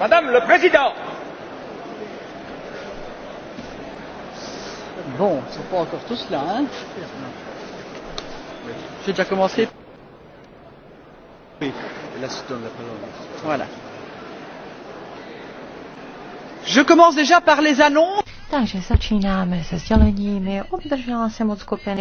Madame le Président Bon, c'est pas encore tout cela, hein J'ai déjà commencé. Voilà. Je commence déjà par les annonces. Takže začínáme se sděleními. Obdržela jsem od skupiny